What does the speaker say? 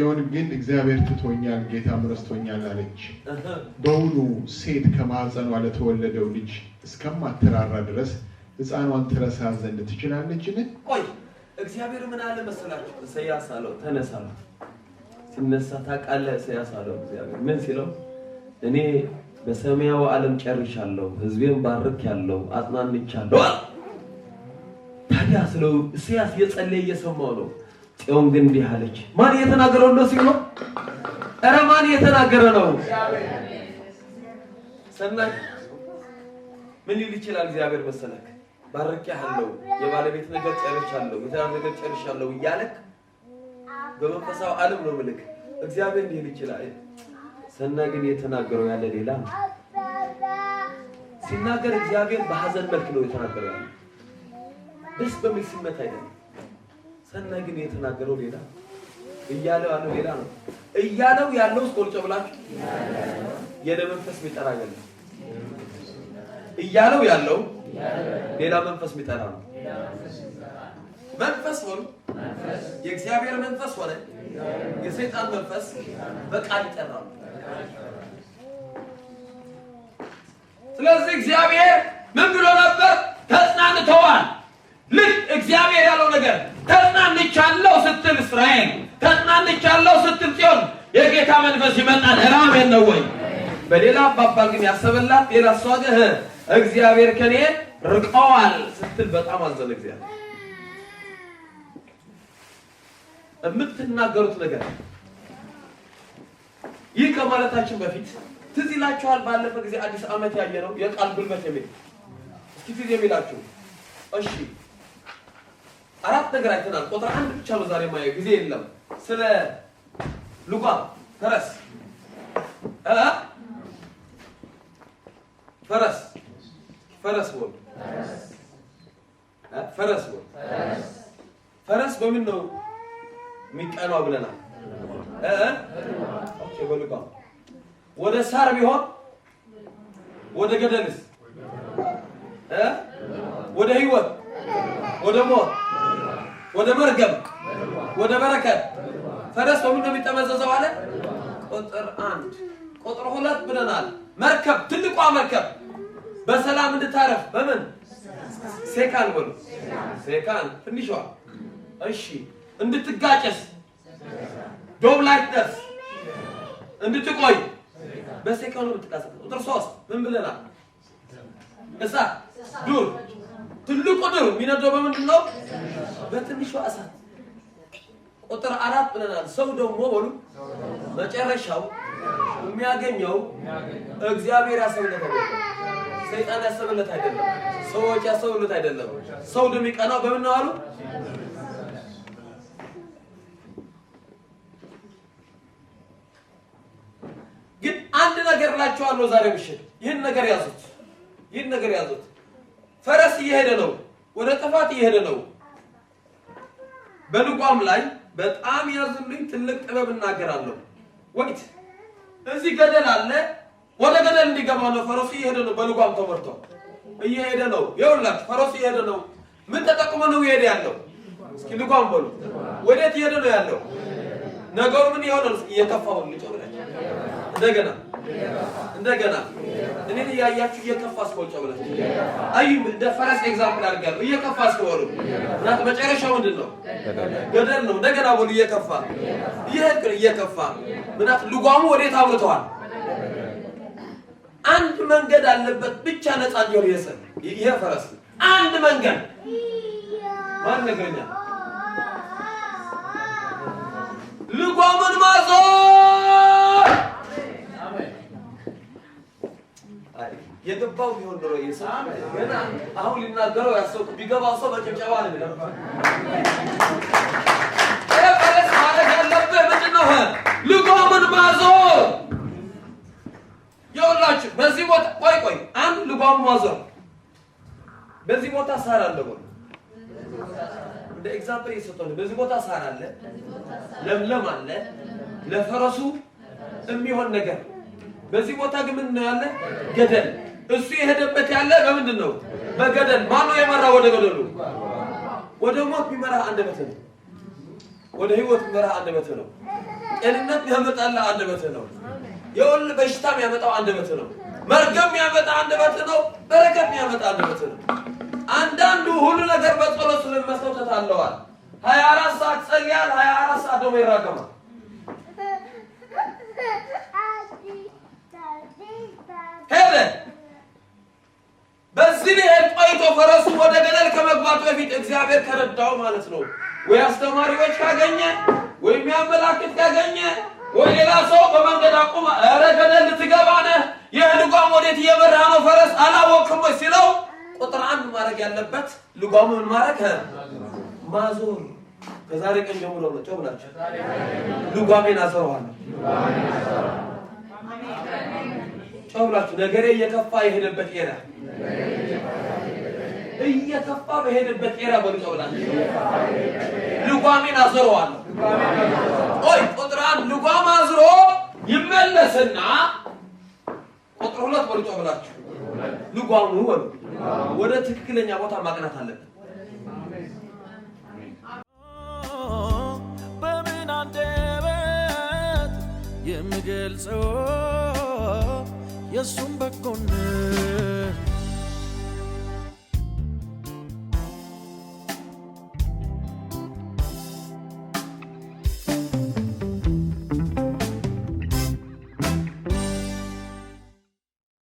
ጽዮን ግን እግዚአብሔር ትቶኛል፣ ጌታም ረስቶኛል አለች። በውኑ ሴት ከማኅፀኗ ለተወለደው ልጅ እስከማትራራ ድረስ ህፃኗን ትረሳ ዘንድ ትችላለችን? ቆይ እግዚአብሔር ምን አለ መሰላችሁ? ኢሳያስ አለው ተነሳ ሲነሳ ታውቃለህ፣ ኢሳያስ አለው እግዚአብሔር ምን ሲለው እኔ በሰማያዊ ዓለም ጨርሻለሁ፣ ህዝቤን ባርክ ያለው አጽናንቻለሁ። ታዲያ ስለ ኢሳያስ የጸለየ እየሰማው ነው ጽዮን ግን እንዲህ አለች። ማን እየተናገረው እንደሱ ነው? ኧረ ማን እየተናገረ ነው? ሰማይ ምን ይል ይችላል? እግዚአብሔር መሰለክ ባርቄሃለሁ፣ የባለቤት ነገር ጨርሻለሁ፣ የትዳር ነገር ጨርሻለሁ እያለክ በመንፈሳዊ ዓለም ነው ምልክ እግዚአብሔር ሊል ይችላል። ሰናይ ግን የተናገረው ያለ ሌላ ነው። ሲናገር እግዚአብሔር በሀዘን መልክ ነው የተናገረው፣ ደስ በሚል ስሜት አይደለም። ሰናይ ግን የተናገረው ሌላ እያለው ያለው ሌላ ነው። እያለው ያለው ስቆልጮ ብላችሁ የለመንፈስ የሚጠራ አይደለም። እያለው ያለው ሌላ መንፈስ የሚጠራ ነው። መንፈስ ሆኖ የእግዚአብሔር መንፈስ ሆነ የሰይጣን መንፈስ በቃል ይጠራሉ። ስለዚህ እግዚአብሔር ምን ብሎ ነበር? ተጽናንተዋል። ልክ እግዚአብሔር ያለው ነገር እስራኤል ተጽናንቻለሁ ስትል ጽዮን የጌታ መንፈስ ይመጣል። ራሜን ነው ወይ? በሌላ አባባል ግን ያሰበላት ሌላ እሷ ግን እግዚአብሔር ከኔ ርቀዋል ስትል በጣም አዘነ። እግዚአብሔር የምትናገሩት ነገር ይህ ከማለታችን በፊት ትዝ ይላችኋል። ባለፈ ጊዜ አዲስ ዓመት ያየነው የቃል ጉልበት የሚል እስኪ ትዝ የሚላችሁ እሺ አራት ነገር አይተናል። ቁጥር አንድ ብቻ ነው ዛሬ ማየው ጊዜ የለም። ስለ ሉቃ ፈረስ እ ፈረስ ፈረስ ወል ፈረስ ወል ፈረስ በምን ነው የሚቀናው ብለናል እ በሉቃ ወደ ሳር ቢሆን ወደ ገደልስ ወደ ህይወት ወደ ሞት ወደ መርገም ወደ በረከት። ፈረስ በምን ነው የሚጠመዘዘው አለ። ቁጥር አንድ ቁጥር ሁለት ብለናል። መርከብ ትልቋ መርከብ በሰላም እንድታረፍ በምን ሴካን ወል ሴካን ትንሿ እሺ፣ እንድትጋጨስ ዶብ ላይ ትደርስ እንድትቆይ በሴካኑ ብትቃሰ። ቁጥር ሶስት ምን ብለናል? እሳት ዱር፣ ትልቁ ዱር የሚነደው በምንድን ነው? በትንሿ እሳት ቁጥር አራት ብለናል። ሰው ደግሞ ወሉ መጨረሻው የሚያገኘው እግዚአብሔር ያሰብለት አይደለም፣ ሰይጣን ያሰብለት አይደለም፣ ሰዎች ያሰብለት አይደለም። ሰው የሚቀናው በምን ነው አሉ ግን አንድ ነገር እላቸዋለሁ ዛሬ ምሽት ይህን ነገር ያዙት፣ ይህን ነገር ያዙት። ፈረስ እየሄደ ነው፣ ወደ ጥፋት እየሄደ ነው። በልጓም ላይ በጣም ያዝልኝ፣ ትልቅ ጥበብ እናገራለሁ። ወይት እዚህ ገደል አለ። ወደ ገደል እንዲገባ ነው። ፈረሱ እየሄደ ነው። በልጓም ተመርቶ እየሄደ ነው። ይኸውላችሁ ፈረሱ እየሄደ ነው። ምን ተጠቅሞ ነው እየሄደ ያለው? እስኪ ልጓም በሉ። ወዴት እየሄደ ነው ያለው? ነገሩ ምን ይሆናል? እየከፋው ሊጦር እንደገና እንደገና እኔን እያያችሁ እየከፋ አስቆጨ ብለ አይ እንደ ፈረስ ኤግዛምፕል አድርጋለሁ። እየከፋ አስቆሩ ናት መጨረሻው ምንድን ነው? ገደል ነው። እንደገና ወሉ እየከፋ ይሄ እየከፋ ምናት ልጓሙ ወዴት አምርተዋል? አንድ መንገድ አለበት ብቻ ነፃ እንዲሆን ይሰ ይሄ ፈረስ አንድ መንገድ ማን ነገኛ ቢገባው ቢሆን ኖሮ የሰው ገና አሁን ሊናገረው ያሰው ቢገባው ሰው በጭብጨባ ነው የሚለው። ፈረስ ማለት ያለብህ ምንድን ነው? ልጓምን ማዞር የሁላችሁ በዚህ ቦታ ቆይ ቆይ፣ አንድ ልጓም ማዞር በዚህ ቦታ ሳር አለ ወይ? እንደ ኤግዛምፕል እየሰጠሁ በዚህ ቦታ ሳር አለ፣ ለምለም አለ፣ ለፈረሱ የሚሆን ነገር በዚህ ቦታ ግን ምን ያለ ገደል እሱ የሄደበት ያለ በምንድን ነው? በገደል ማን ነው የመራ ወደ ገደሉ? ወደ ሞት ቢመራ አንደበት ነው። ወደ ህይወት ቢመራ አንደበት ነው። ጤንነት ያመጣላ አንደበት ነው። የወል በሽታም ያመጣው አንደበት ነው። መርገም ያመጣ አንደበት ነው። በረከት ያመጣ አንደበት ነው። አንዳንዱ ሁሉ ነገር በጸሎት ስለመስለው ተታለዋል። 24 ሰዓት ጸልያል። 24 ሰዓት ደግሞ ይራገማል። ሄደ ትንቢት እግዚአብሔር ከረዳው ማለት ነው። ወይ አስተማሪዎች ካገኘ ወይ የሚያመላክት ካገኘ ወይ ሌላ ሰው በመንገድ አቁመ ኧረ ገደል ልትገባ ነህ፣ ይህ ልጓም ወዴት እየመራ ነው ፈረስ አላወቅም ወይ ሲለው ቁጥር አንድ ማድረግ ያለበት ልጓሙ ምን ማድረግ ማዞር ከዛሬ ቀን ጀምሮ ነው። ጮህ ብላችሁ ልጓሜን አዞረዋለሁ። ጮህ ብላችሁ ነገሬ እየከፋ የሄደበት ሄዳ እየከፋ በሄደበት ኤራ በልቀ ብላለች። ልጓሜን አዞረዋለሁ። ቆይ ቁጥር አንድ ልጓም አዝሮ ይመለስና ቁጥር ሁለት በልጦ ብላችሁ ልጓሙ በሉ። ወደ ትክክለኛ ቦታ ማቅናት አለብን። በምን አንደበት የምገልጸው የእሱም በጎነት